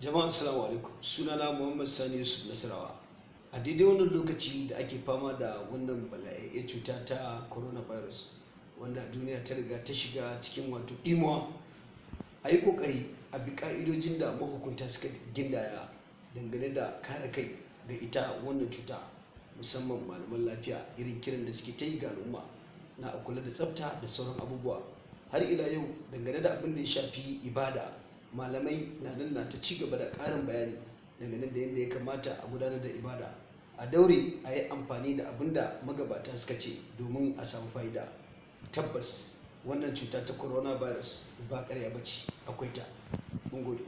jama'a assalamu alaikum sunana muhammad sani yusuf nasarawa a daidai wannan lokaci da ake fama da wannan ya cuta ta coronavirus wanda duniya ta riga ta shiga cikin wato ɗimawa a yi ƙoƙari a bi ƙa'idojin da mahukunta suka gindaya dangane da kare kai ga ita wannan cuta musamman malaman lafiya irin kiran da suke ta yi ga al'umma na a kula da tsafta da sauran abubuwa har ila yau dangane da abin da ya shafi ibada malamai na nan na ta ci gaba da ƙarin bayani daga nan da yadda ya kamata a gudanar da ibada a daure a yi amfani da abin da magabata suka ce domin a samu fa'ida tabbas wannan cuta ta coronavirus ba ƙarya ba ce akwai ta mun gode